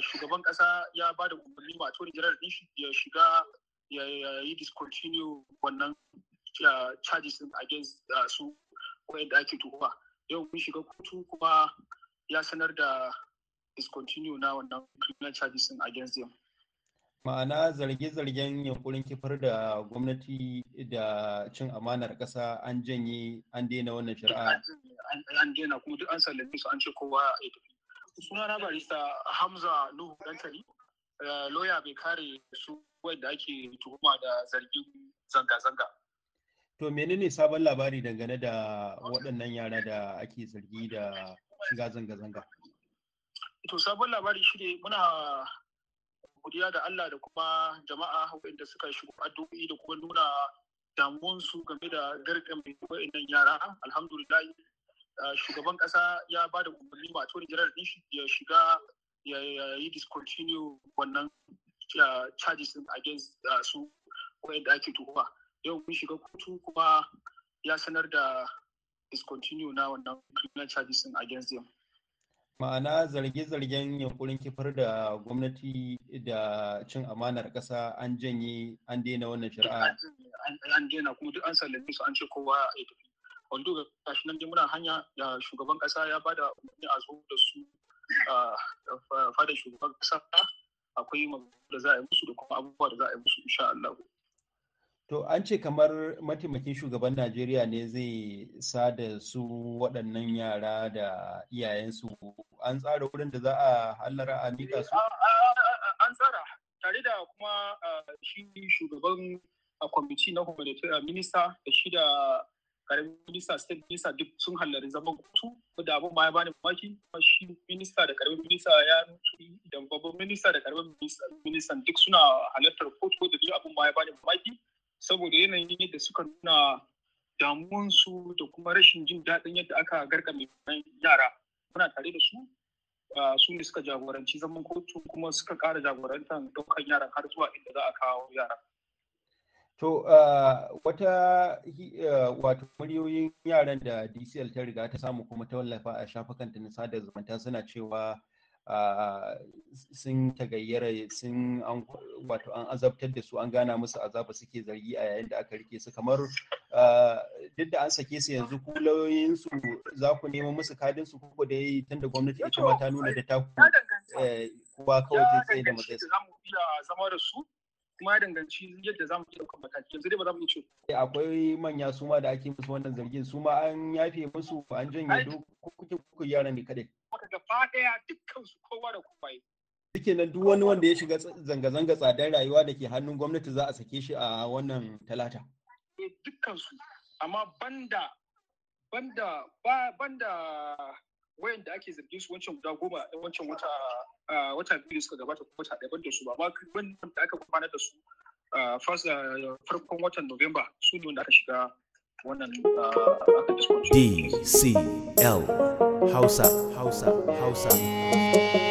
shugaban kasa ya ba da umarni ma attorney general din ya shiga ya yi discontinue wannan charges against su da ake tuhuma yau mun shiga kotu kuma ya sanar da discontinue na wannan criminal charges against them ma'ana zarge-zargen yankurin kifar da gwamnati da cin amanar ƙasa an janye an daina wannan shari'a an daina kuma duk an sallame su an ce kowa ya tafi sunana barista hamza nuhu Dantari, eh, loya bai kare su wadda ake tuhuma da zargin zanga-zanga to menene sabon labari dangane da waɗannan yara da ake zargi da shiga zanga-zanga to sabon labari shi ne muna godiya da Allah da kuma jama'a waɗanda suka shigo addu'o'i da kuma nuna damuwansu game da garkan waɗannan yara alhamdulillah Uh, shugaban kasa ya ba da umarni ma attorney general din ya shiga ya yi discontinue wannan uh, charges against uh, su da ake tuhuma yau mun shiga kotu kuma ya sanar da discontinue na wannan criminal charges against them ma'ana zarge-zargen yankurin kifar da gwamnati da cin amanar ƙasa an janye an daina wannan shari'a an daina kuma duk an sallame su an ce kowa ya tafi wando ga shi nan muna hanya da shugaban kasa ya bada umarni a zo da su fadar shugaban kasa akwai da za a yi musu da kuma abubuwa da za a yi musu insha Allah. To an ce kamar mataimakin shugaban Najeriya ne zai sa da su waɗannan yara da iyayensu an tsara wurin da za a hallara a mika su? Eh, an tsara tare da kuma shi shugaban kwamiti na kwamitin minista da shi da karamin minista state minista duk sun hallari zaman kotu da abin ma ya bani mamaki shi minista da karamin minista ya mutu, da babban minista da karamin minista duk suna halartar kotu da duk abin ma ya bani mamaki saboda yanayin yadda suka nuna damuwansu da kuma rashin jin daɗin yadda aka mai yara muna tare da su su ne suka jagoranci zaman kotu kuma suka ƙara jagorantar ɗaukar yara har zuwa inda za a kawo yara. To eh, wata eh, wato muryoyin yaran da DCL ta riga ta samu kuma ta wallafa a shafukanta na sada zumunta suna cewa eh, sun tagayyara sun wato an azabtar da su an gana musu azaba suke zargi a yayin da aka rike su kamar duk da an sake su yanzu ku za ku nemo musu kadin su kuku da yi tun gwamnati ita ma ta nuna da ta kuwa kawai zai tsaye da matsayi. Za mu iya zama da su kuma ya danganci yadda za mu ke ɗaukar mataki yanzu dai ba za mu ce. Eh, akwai manya su ma da ake musu wannan zargin su ma an yafe musu an janye dokokin kuka yara ne kadai. Maka gaba ɗaya dukkan su kowa da kowa yi. Duke nan duk wani wanda ya shiga zanga-zanga tsadar rayuwa da ke hannun gwamnati za a sake shi a wannan talata. Eh, dukkan su amma banda banda banda wayan da ake zargin su wancan guda goma wancan wata wata biyu suka gabata ko wata daban da su ba ma wannan da aka gudanar da su farkon watan Nuwamba su ne wanda aka shiga wannan aka DCL Hausa Hausa Hausa